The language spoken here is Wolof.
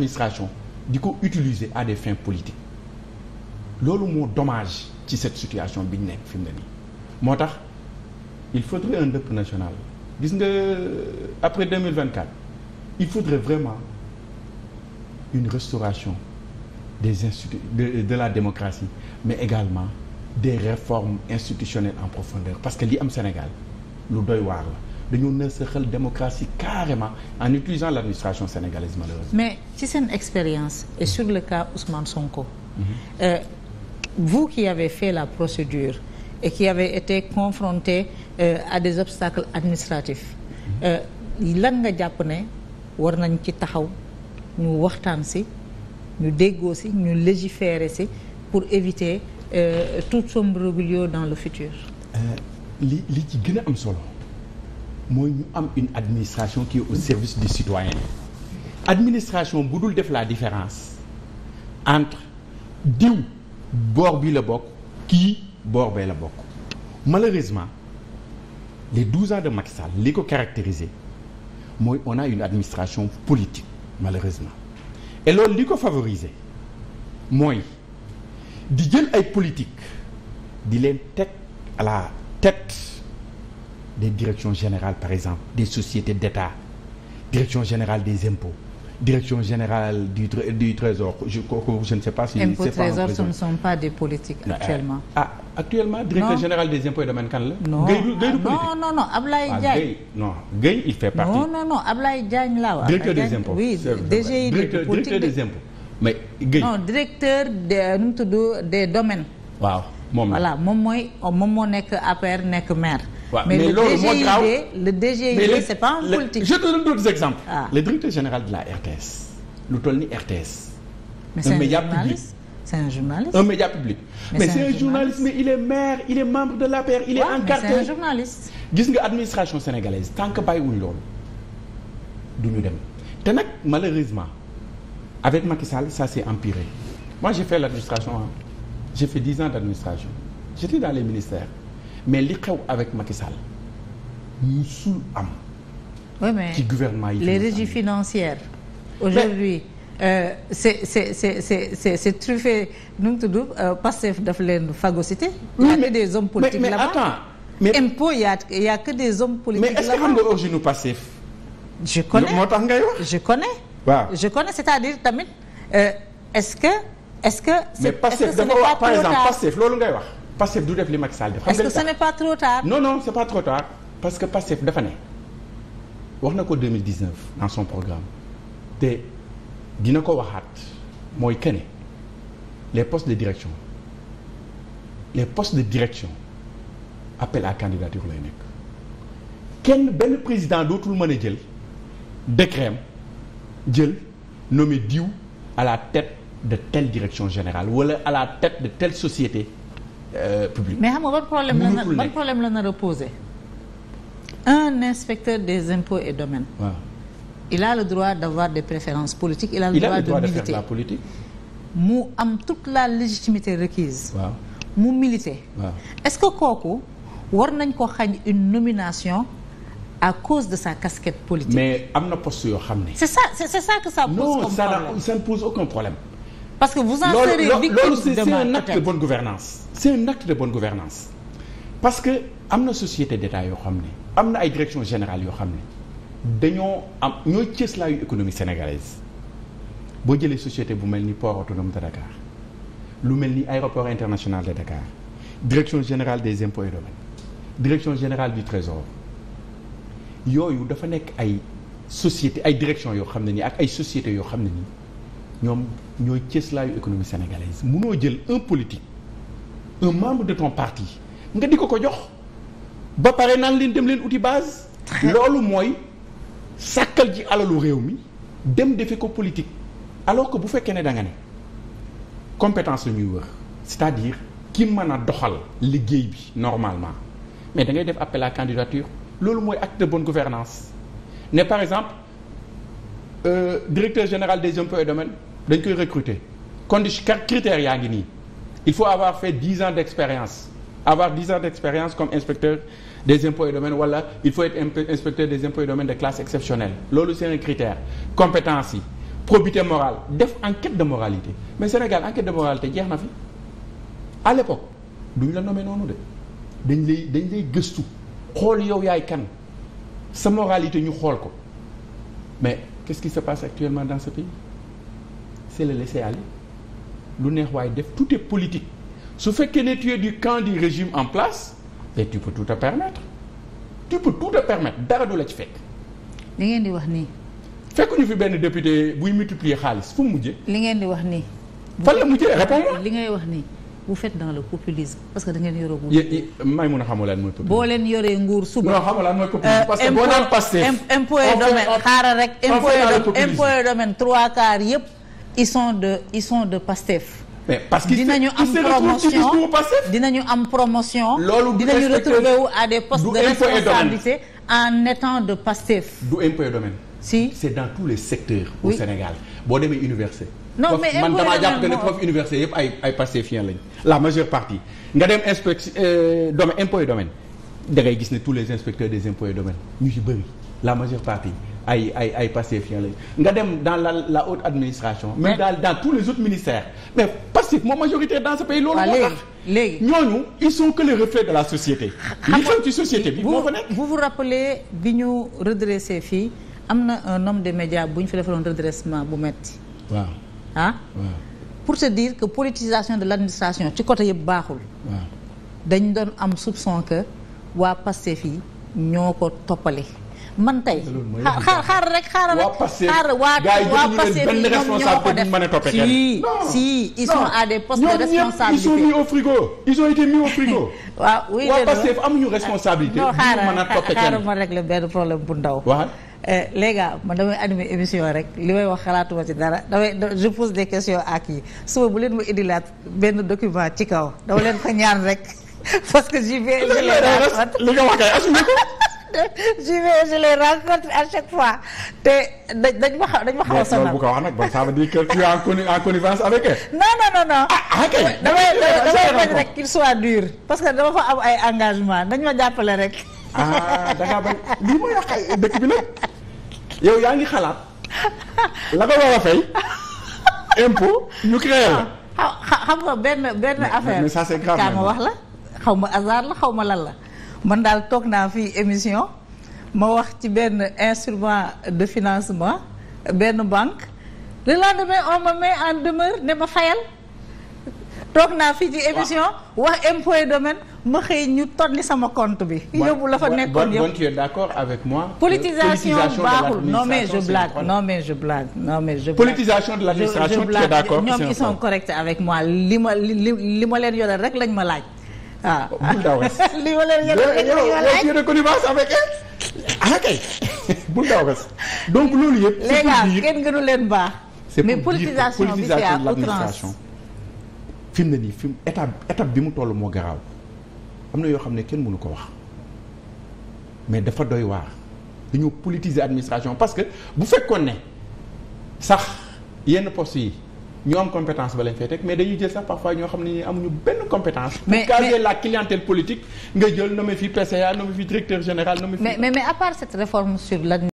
administration di ko utiliser à des fins politiques loolu moo dommage ci cette situation bi ñu nekk fi mu ne moo tax il faudrait un dëpp national gis nga après 2024 il faudrait vraiment une restauration des instituts de, de la démocratie mais également des réformes institutionnelles en profondeur parce que li am Sénégal lu doy la dañoo nasaxal démocratie carrément en utilisant l'administration sénégalaise malheureusement. mais ci seen expérience et sur le cas Ousmane Sonko. Mm -hmm. euh, avez fait la procédure et qui avez été confronté euh, à des obstacles administratifs mhm. euh, lan nga jàpp ne war nañ ci taxaw ñu waxtaan si ñu déggoo si ñu légiférer si pour éviter euh, tout imbroglio dans le futur. Euh, li li ci gën a am solo. mooy ñu am une administration qui est au service du citoyen administration bu dul def la différence entre diw boor bi la bokk kii boor bee la bokk malheureusement les douze ans de Macky Sall li ko caractérisé mooy on a une administration politique malheureusement e loolu li ko favoriser mooy di jël ay politique di leen teg à la des directions générales par exemple des sociétés d'État direction générale des impôts direction générale du du trésor je je ne sais pas si. impôts trésor ce ne sont pas des politiques actuellement. Ah, ah actuellement directeur général des impôts et domaines kan la. non non ah, non non Ablaye ah, Diagne. non Gueye il fait partie. non non non Ablaye Diagne là waaw. directeur des impôts oui DGI directeur des impôts. mais Gueye non directeur de nu mu des domaines. waaw moom la voilà moom mooy moom moo nekk APR nekk maire. Ouais, mais, mais le DGID grave, le DGID c'est pas un politique. je te donne d'autres ah. exemples. le directeur général de la RTS lu toll ni RTS. mais c'est un, un média public c'est un journaliste. un média public. mais, mais c'est un, journaliste mais il est maire il est membre de l'APR il ouais, est. en quartier c'est un journaliste. gis nga administration sénégalaise tant que bàyyiwuñ loolu du ñu dem te nag malheureusement avec Macky Sall ça s'est empiré moi j'ai fait l'administration j'ai fait dix ans d'administration j'étais dans les ministères. mais li xew avec Macky Sall musul am. oui mais ci gouvernement yi. les régies financières. aujourd'hui euh, c'est c'est c'est c'est c'est c'est truffé nu mu tudd euh, Pastef daf leen phagocyté. oui mais y a que des hommes politiques là-bas mais mais attends. y a que des hommes politiques là-bas mais est-ce que xam nga origine Pastef. je connais moo tax ngay wax. je connais. je connais c'est-à-dire tamit euh, est-ce que est-ce que. c'est, mais Pastef dafa wax par exemple Pastef loolu ngay wax. Pastef du def li Macky Sall def. xam nga est-ce que ce n'est pas trop tard. non non c'est pas trop tard parce que Pastef dafa ne wax na ko 2019 dans son programme te dina ko waxaat mooy kene les postes de direction les postes de direction appel à candidature lay nekk kenn benn président dootul mën a jël décret jël nommé diw à la tête de telle direction général wala à la tête de telle société. Euh, public. mais xam nga problème la na ban problème la na reposer un inspecteur des impôts et domaines. waaw il a le droit d'avoir des préférences politiques. il a le droit, a le droit de, de militer. mu am toute la légitimité requise. waaw mu militer. est-ce que kooku war nañ ko xañ une nomination. à cause de sa casquette politique. mais am na poste yoo xam ne. c'est ça c'est ça que ça ne pose aucun problème. parce que vous en serez victime demain c'est un acte de bonne gouvernance c'est un acte de parce que am na société d'État yoo xam ne am na ay direction générale yoo xam ne dañoo am ñooy cëslaayu économie sénégalaise boo jëlee société bu mel ni port autonome de Dakar lu mel ni aéroport international de Dakar direction générale des impôts et domaines direction général du trésor yooyu dafa nekk ay société ay direction yoo xam ne nii ak ay sociétés yoo xam ne nii ñoom ñooy cëslaayu économie sénégalaise munoo jël un politique un membre de ton parti nga di ko ko jox ba pare naan leen dem leen uti base. loolu mooy sàkkal ji alalu réew mi dem defee ko politique alors que bu fekkee ne da nga ne compétence la ñuy wër c'est-à-dire ki mën a doxal liggéey bi normalement mais da ngay def appel à candidature loolu mooy acte de bonne gouvernance ne par exemple euh, directeur général des impôts de domaines dañ koy recruter condition quatre critères yaa ngi nii il faut avoir fait dix ans d'expérience avoir dix ans d'expérience comme inspecteur des impôts et domaines wala il faut être inspecteur des impôts et domaines de classe exceptionnelle loolu c'est critère compétence yi probité morale def enquête de moralité mais Sénégal enquête de moralité jeex na fi à l'époque duñ la nommé noonu de dañ lay dañ lay gëstu xool yow yaay kan sa moralité ñu xool ko mais qu'est-ce qui se passe actuellement dans ce c'est le laisser aller lu neex waaye def tout est su fekkee ne tu es du camp du régime en place mais tu peux tout te permettre tu tout te permetre dara du la ci fekk. li ngeen di wax nii. fekk ñu fi benn député buy multiplier xaalis fu mu mujjee. li ngeen di wax nii. fan la mujjee réponds-moi li ngay wax nii. vous faites dans le populisme parce que da ngeen yoroo may mun a xamoo mooy populisme. boo leen yoree nguur suba. non xamoo lan mooy populisme euh, parce que boo naan xaaral rek. impôt domaine trois quarts yëpp. ils sont de ils sont de Pastef. mais parce que dinañu am promotion dinañu am promotion. loolu dinañu retrouver wu à des postes de responsabilité en étant de Pastef. du impôt et domaine. si c'est dans tous les secteurs. au Sénégal boo demee université. non mais man damaa jàpp que ne yëpp ay ay Pastefien lañ. la majeure partie nga dem inspect euh, domaine impôt et domaine da ngay gis ne tous les inspecteurs des impôts et domaines ñu ci bëri la majeure partie. ay ay ay pacifiens lañ nga dem dans la la haute administration. mais daal dans tous les autres ministères. mais Pastef moo majoritaire dans ce pays. loolu ah, moo tax léegi ñooñu ils sont que les reflets de la société. li xew ci société bi moo fa nekk. vous vous rappelez bi ñu redressé fii am na un homme de médias bu ñu fi defaloon redressement bu metti waaw ah. pour te dire que politisation de l' administration ci côté yëpp baaxul. dañ doon am soupçon que waa Pastef fii ñoo ko toppale. man tey. xaar xaar rek xaaral rek. xaaral waa waa passé bi ñoom ñoo des postes de responsabilité ñoom ñëpp ils sont mis au amuñu responsabilité. non xaaral xaaral ma régler benn problème bu ndaw. waaw. Eh, les damay animé émission rek li may wax xalaatuma ci dara damay je pose des questions à kii suba bu leen ma indilaat benn document ci kaw dama leen ko ñaan rek parce que j'y vais. li nga wax kay assumé ko. je vais je les rencontre à chaque fois te dañ ma xaw dañ ma xaw a sonal. loolu bu ko wax nag bon ça veut dire que tu en en avec elle. non non non non. ah, ah ok damay damay bañ rek qu'il parce que dama fa am ay engagement dañ ma rek. ah dëkk bi nag yow yaa ngi xalaat la ah, nga benn benn affaire. mais wax la xaw ma hasard la xaw ma lan la. man daal toog naa fii émission ma wax ci benn instrument de financement benn banque le lendemain on me met en demeure ne ma fayal toog naa fi ci émission wax impôt et domaine ma xëy ñu tonni sama compte bi yóbbu la fa nekkoon yëpp tu baaxul non mais je blague non mais je blague non de la tu es d'accord ñoom ils sont corrects avec moi li ma li li ma leen yoral rek lañ ma laaj ah li ma leen yéen a connivence avec elle ah kay bul daw donc loolu yëpp. c'est pour dire kenn gënu leen baax. mais politisation bi c'est à outrance fi mu ne nii fi mu étape étape bi mu toll moo garaaw am na yoo xam ne kenn mënu ko wax mais dafa doy waar dañoo politiser administration parce que bu fekkoon ne sax yenn postes yi. ñu am compétence ba lañ fay teg mais dañuy jël sax parfois ñoo xam ne amuñu benn compétence. mais pour caser nga jël nommé fi PCA nommé fi directeur général nommé fi. mais mais mais à cette réforme sur la.